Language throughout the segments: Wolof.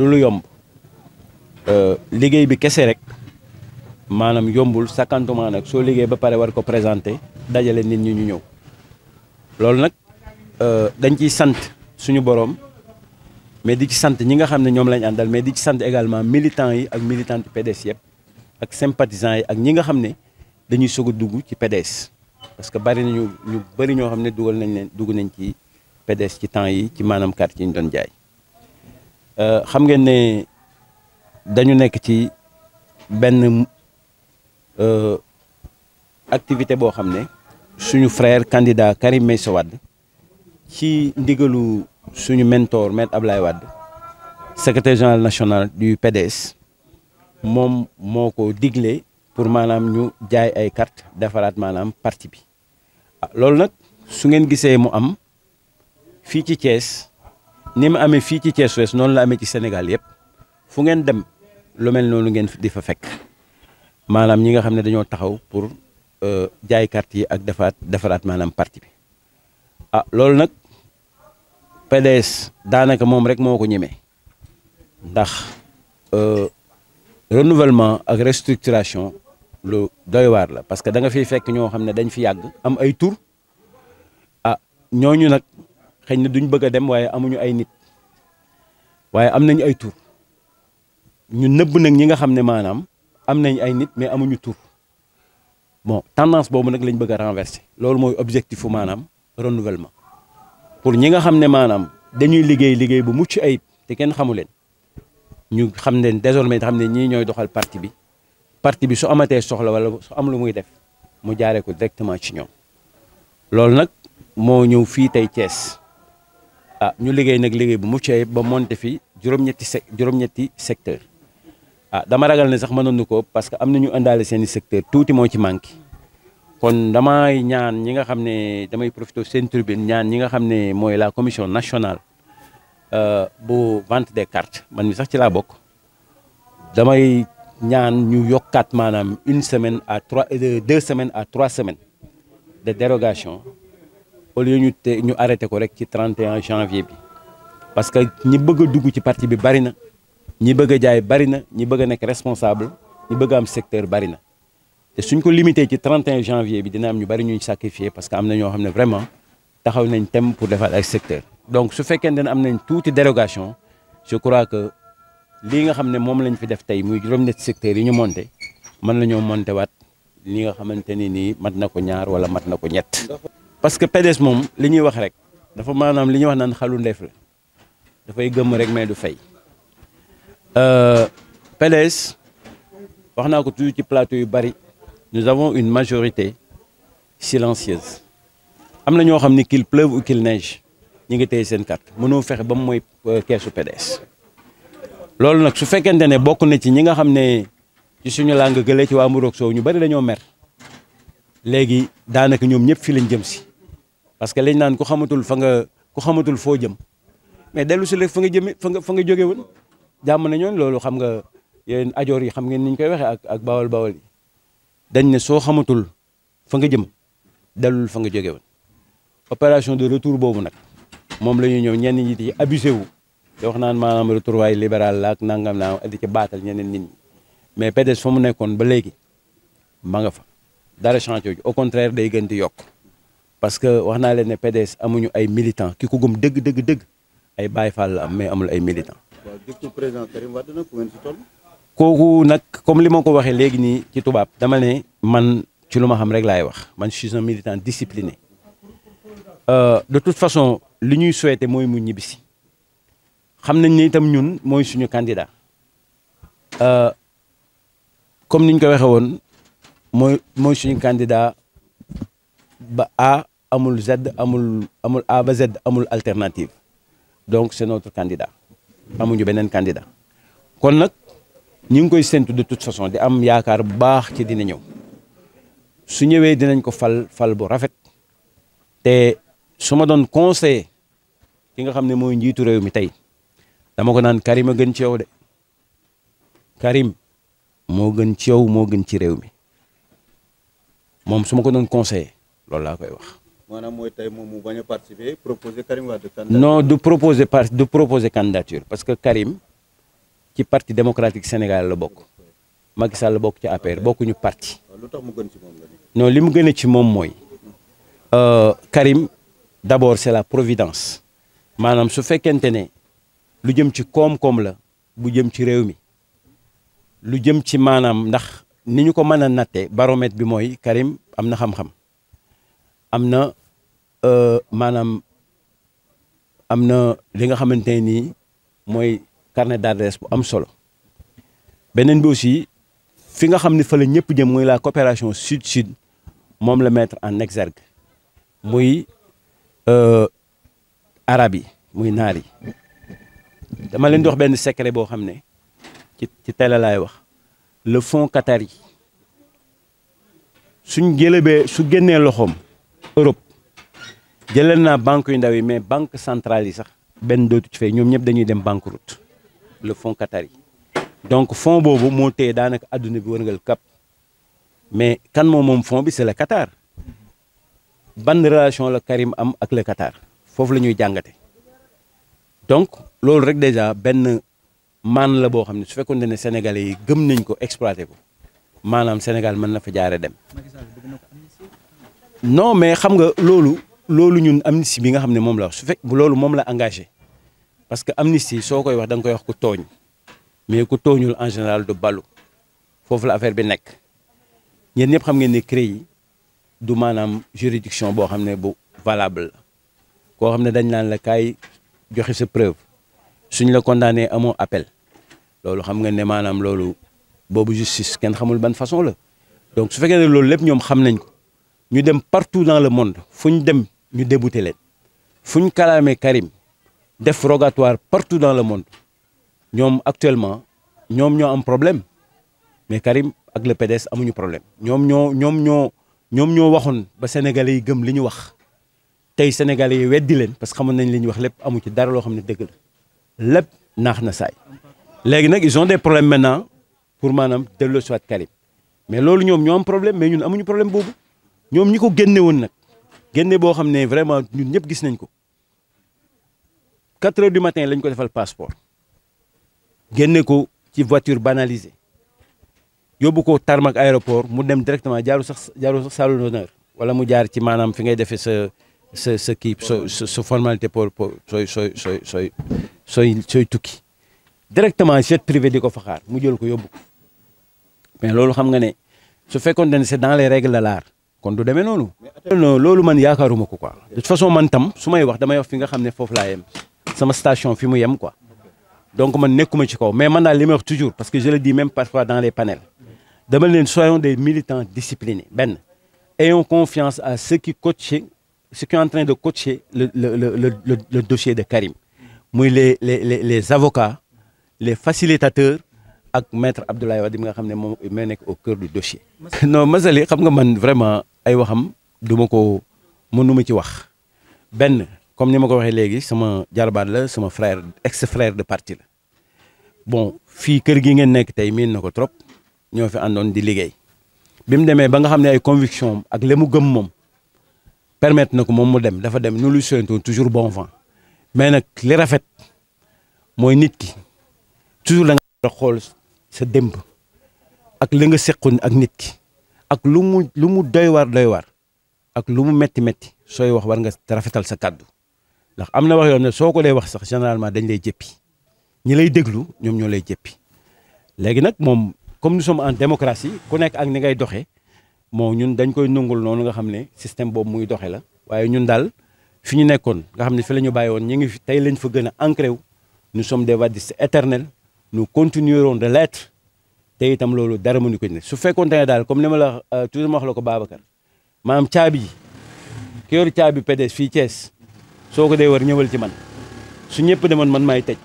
du lu yomb euh, liggéey bi kese rek maanaam yombul sakkantuma nag soo liggéey ba pare war ko présenter dajale nit ñi ñu ñëw loolu nag euh, dañ ciy sant suñu boroom mais di ci sant ñi nga xam ne ñoom lañ àndal mais di ci sant également militants yi ak militantes PDS yëpp ak sympathisants yi ak ñi nga xam ne dañuy soog a dugg ci PDS parce que bari nañu ñu ñu bari ñoo xam ne dugal nañ leen dugg nañ ci PDS ci temps yi ci maanaam carte yi ñu doon jaay. Euh, xam ngeen ne dañu nekk ci benn euh, activité boo xam ne suñu frère candidat Karim Meïssa Wade ci ndigalu suñu mentor maître Ablaye Wade secrétaire général national du PDS moom moo ko digle pour maanaam ñu jaay ay carte defaraat maanaam parti bi ah, loolu nag su ngeen gisee mu am fii ci Thiès ni mu amee fii ci Thiès Ouest noonu la amee ci Sénégal yëpp fu ngeen dem lu mel noonu ngeen di fa fekk maanaam ñi nga xam ne dañoo taxaw pour euh, jaay carte yi ak defaat defaraat maanaam parti bi ah loolu nag PDS daanaka moom rek moo ko ñemee ndax euh, renouvellement ak restructuration lu doy waar la parce que da nga fiy fekk ñoo xam ne dañ fi yàgg am ay tur ah ñooñu nag. xëy na duñ bëgg a dem waaye amuñu ay nit waaye am nañu ay tur ñu nëbb nag ñi nga xam ne maanaam am nañ ay nit mais amuñu tur moo tendance boobu nag lañ bëgg a renverser loolu mooy objectif maanaam renouvellement pour ñi nga xam ne maanaam dañuy liggéey liggéey bu mucc ayib te kenn xamu leen ñu xam ne désormais xam ne ñii ñooy doxal parti bi parti bi su amatee soxla wala su am lu muy def mu jaaree ko directement ci ñoom loolu nag moo ñëw fii tey Thiès. ah ñu liggéey nag liggéey bu mucc ayib ba monté fi juróom-ñetti sec juróom-ñetti secteur ah dama ragal ne sax mënoon na ko parce que am na ñu indaale seen i secteur tuuti moo ci manqué kon damay ñaan ñi nga xam ne damay profité seen tribune ñaan ñi nga xam ne mooy la commission nationale euh, bu vente des cartes man mi sax ci laa bokk damay ñaan ñu yokkaat maanaam une semaine à trois euh, deux semaines à trois semaine de dérogation au ñu te ñu arrêté ko rek ci 31 janvier bi parce que ñi bëgg dugg ci parti bi bari na ñi bëgg jaay bari na ñi bëgg a responsable ñi bëgg am secteur bari na suñ ko limité ci 31 janvier bi dina am ñu bari ñuy sacrifier parce que am na xam ne vraiment taxaw nañ thème pour defar ay secteur donc su fekkee ne am nañ tuuti dérogation je crois que lii nga xam ne moom lañ fi def tey muy juróom-ñetti secteurs yi ñu monté mën nañoo monté waat li nga xamante ni nii mat na ko ñaar wala mat na ko ñett. parce que PDS moom li ñuy wax rek dafa maanaam li ñuy wax naan xalu ndeef la dafay gëmm rek mais du fay euh, PDS wax naa ko toujours ci plateau yu bari nous avons une majorité silencieuse am na ñoo xam ni kil pleuve ou qu'il neige ñi ngi tey seen carte mënoo fexe ba mu mooy euh, keesu pedes loolu nag su fekkente ne bokk na ci ñi nga xam ne ci suñu làng gëlee ci waa Mburoog Sow ñu bari dañoo mer léegi daanaka ñoom ñëpp fii lañ jëm si parce que lañ naan ku xamatul fa nga ku xamatul foo jëm mais dellu si rek fa nga jëmee fa nga fa nga jóge woon jàmm na ñoon loolu xam nga yéen ajoor yi xam ngeen ni ñu koy waxee ak ak bawal bawal yi dañ ne soo xamatul fa nga jëm dellul fa nga jóge woon opération de retour boobu nag moom la ñuy ñëw ñenn ñi di abusé wu te wax naan maanaam retour waay libéral la ak naa di ci baatal ñeneen nit ñi mais PDS fa mu nekkoon ba léegi ma nga fa dara changé wu contraire day gën di yokk parce que wax naa leen ne PDS amuñu ay militants ki ko gëm dëgg dëgg dëgg ay Baye Fall la am mais amul ay militants. waaw jërëjëf kooku nag comme li ma ko waxee léegi nii ci tubaab dama ne man ci lu ma xam rek lay wax man je suis un militant discipliné euh, de toute façon li ñuy souhaité mooy mu ñibbisi xam nañ ne itam ñun mooy suñu candidat euh, comme niñ ko waxee woon mooy mooy suñu candidat ba a amul Z amul amul A ba amul alternative donc c'est notre candidat amuñu beneen candidat kon nag ñi ngi koy séntu de tout façon di am yaakaar bu baax ci dina ñëw su ñëwee dinañ ko fal fal bu rafet te su ma doon conseiller ki nga xam ne mooy njiitu réew mi tey dama ko naan Karim a gën ci yow de Karim moo gën ci yow moo gën ci réew mi moom su ma ko doon conseiller loolu laa koy wax maanaam mooy tey moom mu bañ a participer proposer Karim Wade candidature. non du proposer par du proposer candidature parce que Karim ci parti démocratique Sénégal la bokk. Macky Sall la bokk ci APR bokkuñu parti. Ah, lu mu gën ci moom la li mu gën ci moom mooy. Euh, Karim d' abord est la providence. maanaam su fekkente ne lu jëm ci koom-koom la bu jëm ci réew mi lu jëm ci maanaam ndax ni ñu ko mën a nattee baromètre bi mooy Karim am na xam-xam am na Euh, maanaam am na li nga xamante ne nii mooy carnet d'adresse bu am solo beneen bi aussi fi nga xam ni fa la ñëpp jëm mooy la coopération sud sud moom la mettre en exergue muy euh, arab yi muy naar yi dama leen dox benn secret boo xam ne ci ci télé laay wax le fonds Qatar yi suñ jëlebee su génnee loxoom Europe jëlal naa banque yu ndaw yi mais banque centrale yi sax benn dootu ci fay ñoom ñëpp dañuy dem banqueroute le fonds Qatar yi donc fonds boobu moo téye daanaka adduna bi wërngal kap mais kan moom moom fonds bi c'est le Qatar ban relation la Karim am ak le Qatar foofu la ñuy jàngate donc loolu rek déjà benn maan la boo xam ne su fekkoon ne Sénégalais yi gëm nañ ko exploité ko maanaam Sénégal mën na fa jaare dem non mais xam nga loolu loolu ñun amnistie bi nga xam ne moom la su fekk loolu moom la engagé parce que amnistie soo koy wax danga koy wax ku tooñ mais ku tooñul en général du balu foofu la affaire bi nekk ñeen ñëpp xam ngeen ni CREI du maanaam juridiction boo xam ne bu valable la koo xam ne dañ naan la kay joxe sa preuve suñ la condamné amoo appel loolu xam nga ne maanaam loolu boobu justice kenn xamul ban façon la donc su fekkee ne loolu lépp ñoom xam nañ ko ñu dem partout dans le monde fu ñu dem ñu débouté leen fu ñu kalaamee Karim def rogatoire partout dans le monde ñoom actuellement ñoom ñoo am problème mais Karim ak le PDS amuñu problème ñoom ñoo ñoom ñoo ñoom ñoo waxoon ba sénégalais yi gëm li ñu wax tey sénégalais yi weddi leen parce que xamoon nañ li ñu wax lépp amu ci dara loo xam ne dëgg la lépp naax na saay léegi nag ils ont des problèmes maintenant pour maanaam dellu soit Karim mais loolu ñoom ñoo am problème mais ñun amuñu problème boobu ñoom ñi ko génne woon nag génne boo xam ne vraiment ñun ñëpp gis nañ ko 4 heures du matin lañ ko defal passeport génne ko ci voiture banalisée yóbbu ko tarmak aéroport mu dem directement jaaru sax jaaru sax salle d'honneur wala mu jaar ci maanaam fi ngay defee sa sa sa kii sa sa formalité pour pour sooy sooy sooy sooy sooy tukki directement jet privé di ko fa mu jël ko yóbbu ko mais loolu xam nga ne su fekkoon ne c'est dans le règles de l'art kon du demee noonu. non loolu man yaakaaruma ko quoi de toute façon man tam su wax damay wax fi nga xam ne foofu laa yem sama station fi mu yem quoi donc man nekkuma ci kaw mais man daal li may wax toujours parce que je le dis même parfois dans les panels dama leen soyons des militants disciplinés benn ayons confiance à ceux qui coachent ceux qui en train de coacher le le le le, le dossier de Karim muy les les les les avocats les facilitateurs. ak maître Abdoulaye Wade bi nga xam ne moom moo nekk au cœur du dossier. non vraiment ay waxam du ma ko mënuma ci wax benn comme ni ma ko waxee léegi sama jarbaat la sama frair ex frère de parti la bon fii kër gi ngeen nekk tey miin na ko trop ñoo fi àndoon di liggéey bi mu demee ba nga xam ne ay conviction ak li mu gëm moom permettre na ko moom mu dem dafa dem nous lui souhaitons toujours bon vent mais nag li rafet mooy nit ki toujours la nga xool sa démb ak la nga seqoon ak nit ki ak lu mu lu mu doy waar doy waar ak lu mu metti metti sooy wax war nga rafetal sa kàddu ndax am na wax yoo xam ne soo ko dee wax sax généralement dañ lay jëppi ñi lay déglu ñoom ñoo lay jëppi léegi nag moom comme nu sommes en démocratie ku nekk ak ni ngay doxee moo ñun dañ koy nungul noonu nga xam ne système boobu muy doxee la waaye ñun daal fi ñu nekkoon nga xam ne fi la ñu bàyyi woon ñu ngi fi tey lañ fa gën a ancré wu nous sommes des wadistes éternels nous continuerons de l'être te itam loolu dara mënu ko ne su fekkoonte ne daal comme ni ma la euh, toujours ma wax la ko Babacar maanaam caabi ji ki yor caabi PDS fii Thiès soo ko dee war ñëwal ci man su ñëpp demoon man maay tëj.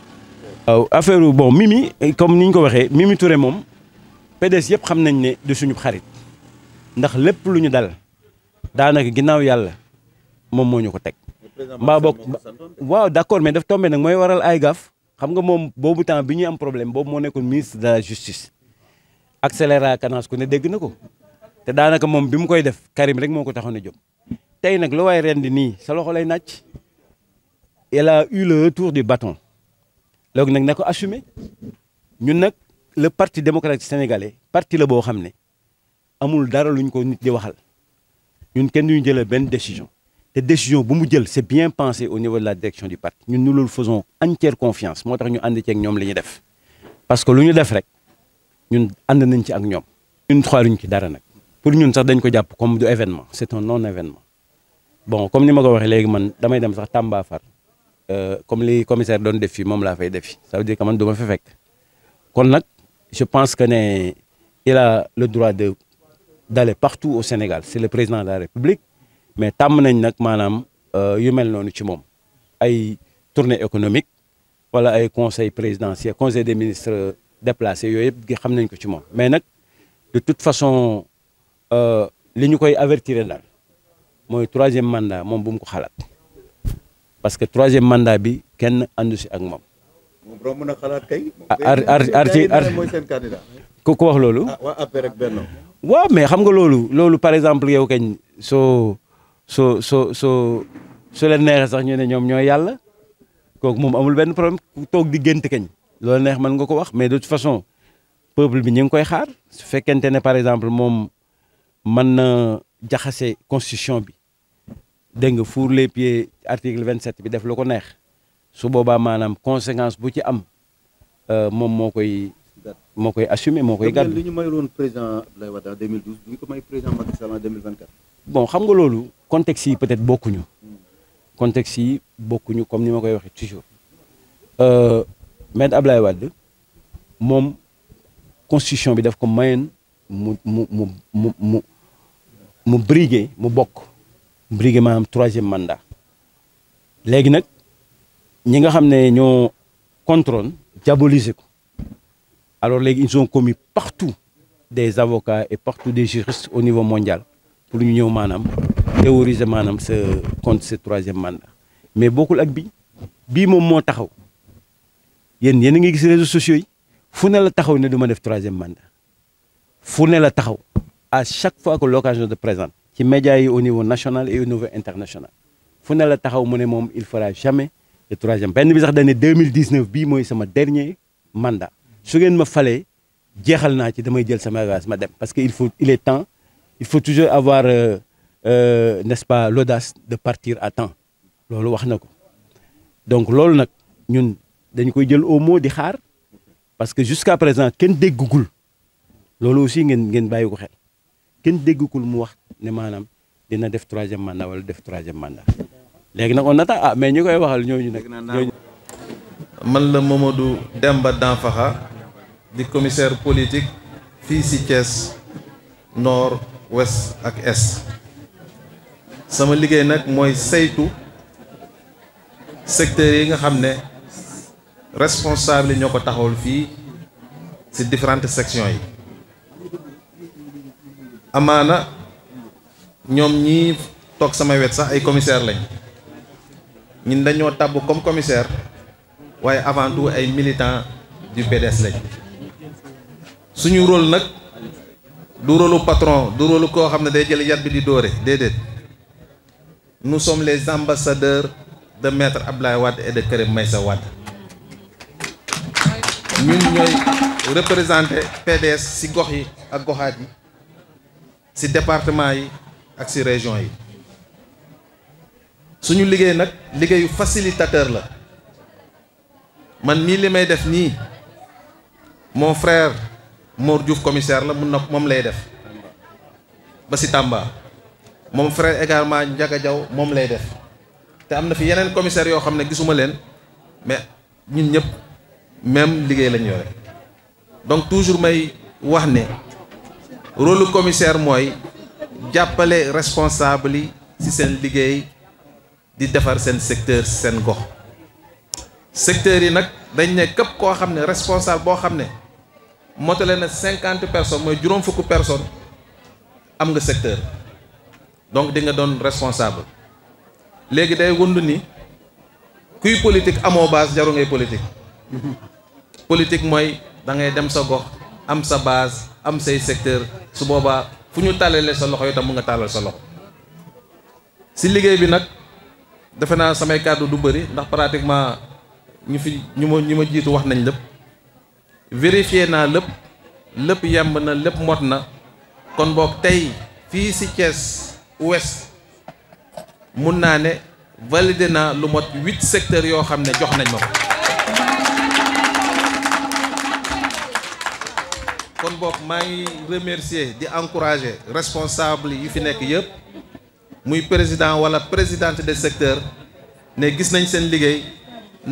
waaw affaire bon Mimi comme ni ñu ko waxee Mimi Touré moom PDS yëpp xam nañ ne du suñu xarit ndax lépp lu ñu dal daanak ginnaaw yàlla moom moo ñu ko teg. mbaa bokk waaw d'accord mais daf tombé nag mooy waral ay gaaf xam nga moom boobu temps bi ñuy am problème boobu moo nekkoon ministre de la accéléra Canas ku ne dégg na ko te daanaka moom bi mu koy def Karim rek moo ko taxoon a jóg tey nag la waaye ren di nii sa loxo lay nàcc elle a eu le retour du bâton léegi nag na ko assumer ñun nag le parti démocratique sénégalais parti la boo xam ne amul dara luñ ko nit di waxal ñun kenn duñu jëlee benn décision te décision bu mu jël c'est bien pensé au niveau de la direction du parti ñun nous loolu faisons entière confiance moo tax ñu ànd ceeg ñoom li def parce que lu ñu def rek. ñun ànd nañ ci ak ñoom. ñun xaaruñ ci dara nag pour ñun sax dañ ko jàpp comme du événement c'est un non événement bon comme ni ma ko waxee léegi man damay dem sax Tamba far euh, comme li commissaire doon def fii moom laa fay defi fii ça veut dire que man du ma fa kon nag je pense que ne il le droit de dale partout au Sénégal c'est le président de la République mais tàmm nañ nag maanaam euh, yu mel noonu ci moom ay tournée économique wala ay conseil présidentiel conseil des ministres déplacé yooyu yëpp xam nañ ko ci moom mais nag de toute façon euh, li ñu koy avertire daal mooy troisième mandat moom bu mu ko xalaat parce que troisième mandat bi kenn àndu si ak moom. moom romb na xalaat kay. ku ko wax loolu. Ah, waaw mais xam nga loolu loolu par exemple yow kañ soo soo soo soo soo leen neexee sax ñu ne ñoom ñooy yàlla kooku moom amul benn problème ku toog di gént kañ. loolu neex mën nga ko wax mais de toute façon peuple bi ñu ngi koy xaar su fekkente ne par exemple moom man na jaxase constitution bi dégg nga fourre les pieds article vingt sept bi def la ko neex su boobaa maanaam conséquence bu ci am euh, moom moo koy. moo koy assumer moo koy gàddu. li ñu mayoon président Abdoulaye Wade en 2012 du ñu ko may bon xam nga loolu contexte yi peut-être bokkuñu. contexte yi bokkuñu comme ni ma koy waxee toujours. Euh, maître Ablaye Wade moom constitution bi def ko mayoon mu mu mu mu mu mu briguer mu bokk briguer maanaam troisième manda léegi nag ñi nga xam ne ñoo contrôle diaboliser ko alors léegi ils ont commis partout des avocats et partout des juristes au niveau mondial pour ñu ñëw maanaam théoriser maanaam ce contre ce troisième mandat mais bokkul ak bi bii moom moo taxaw yéen yéen a ngi gis réseaux sociaux yi fu ne la taxaw ne du ma def troisième mandat fu ne la taxaw à chaque fois que l'occasion de présente ci médias yi au niveau national et au niveau international fu ne la taxaw mu ne moom il fera jamais le troisième benn bi sax dañ ne 2019 bii mooy sama dernier mandat su ngeen ma falee jeexal naa ci damay jël sama gaz ma dem parce que il faut il est temps il faut toujours avoir euh, euh, n'est-ce pas l'audace de partir à temps loolu wax na ko dañ koy jël au mot di xaar parce que jusqu'à présent kenn déggugul loolu aussi ngeen ngeen bàyyi ko xel kenn déggugul mu wax ne maanaam dina def troisième mandat walla def troisième mandat léegi nag on attend ah mais ñi koy waxal ñooñu nekk ñooñu man la dem ba Danfaxa di commissaire politique fii si Thiès nord ouest ak est sama liggéey nag mooy saytu secteurs yi nga xam ne responsable yi ñoo ko taxawal fii ci différentes sections yi amaana ñoom ñii toog sama wet sax ay commissaire lañ ñun dañoo tàbb comme commissaire waaye avant tout ay militants du PDS lañ suñu rôle nag du rôlu patron du rôlu koo xam ne day jël yat bi di dóore déedéet nous sommes les ambassadeurs de ab Abdoulaye Wade et de Karim Meïssa Wade ñun ñooy représenté PDS ci gox yi ak goxaat yi ci département yi ak ci région yi suñu liggéey nag liggéeyu facilitateur la man mii li may def nii mon frère moor Diouf commissaire la mun na moom lay def ba ci Tamba moom frère également Ndiaga Diaw moom lay def te am na fi yeneen commissaire yoo xam ne gisuma leen mais ñun ñëpp même liggéey lañ yore donc toujours may wax ne rôle commissaire mooy jàppale responsable yi ci seen liggéey di defar seen secteur seen gox secteurs yi nag dañ ne képp koo xam ne responsable boo xam ne motale na cinquante personnes mooy juróom fukk personnes am nga secteur donc di nga doon responsable léegi day wund ni kuy politique amoo base jaru ngay politique politique mooy da ngay dem sa gox am sa base am say secteur su boobaa fu ñu tàllalee sa loxo itam mu nga tàllal sa loxo si liggéey bi nag defe naa samay kàddu du bëri ndax pratiquement ñu fi ñu ma ma jiitu wax nañ lépp vérifié naa lépp lépp yemb na lépp mot na kon boog tey fii si Thiès ouest mun naa ne valide naa lu mot huit secteurs yoo xam ne jox nañ ma ko kon boog maa ngi remercier di encourager responsable yu fi nekk yëpp muy président wala présidente de secteur ne gis nañ seen liggéey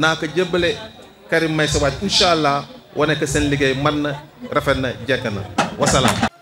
naa ko jëbbale Karim Meïssa Wade incha allah wane que seen liggéey man na rafet na jekk na wasalaam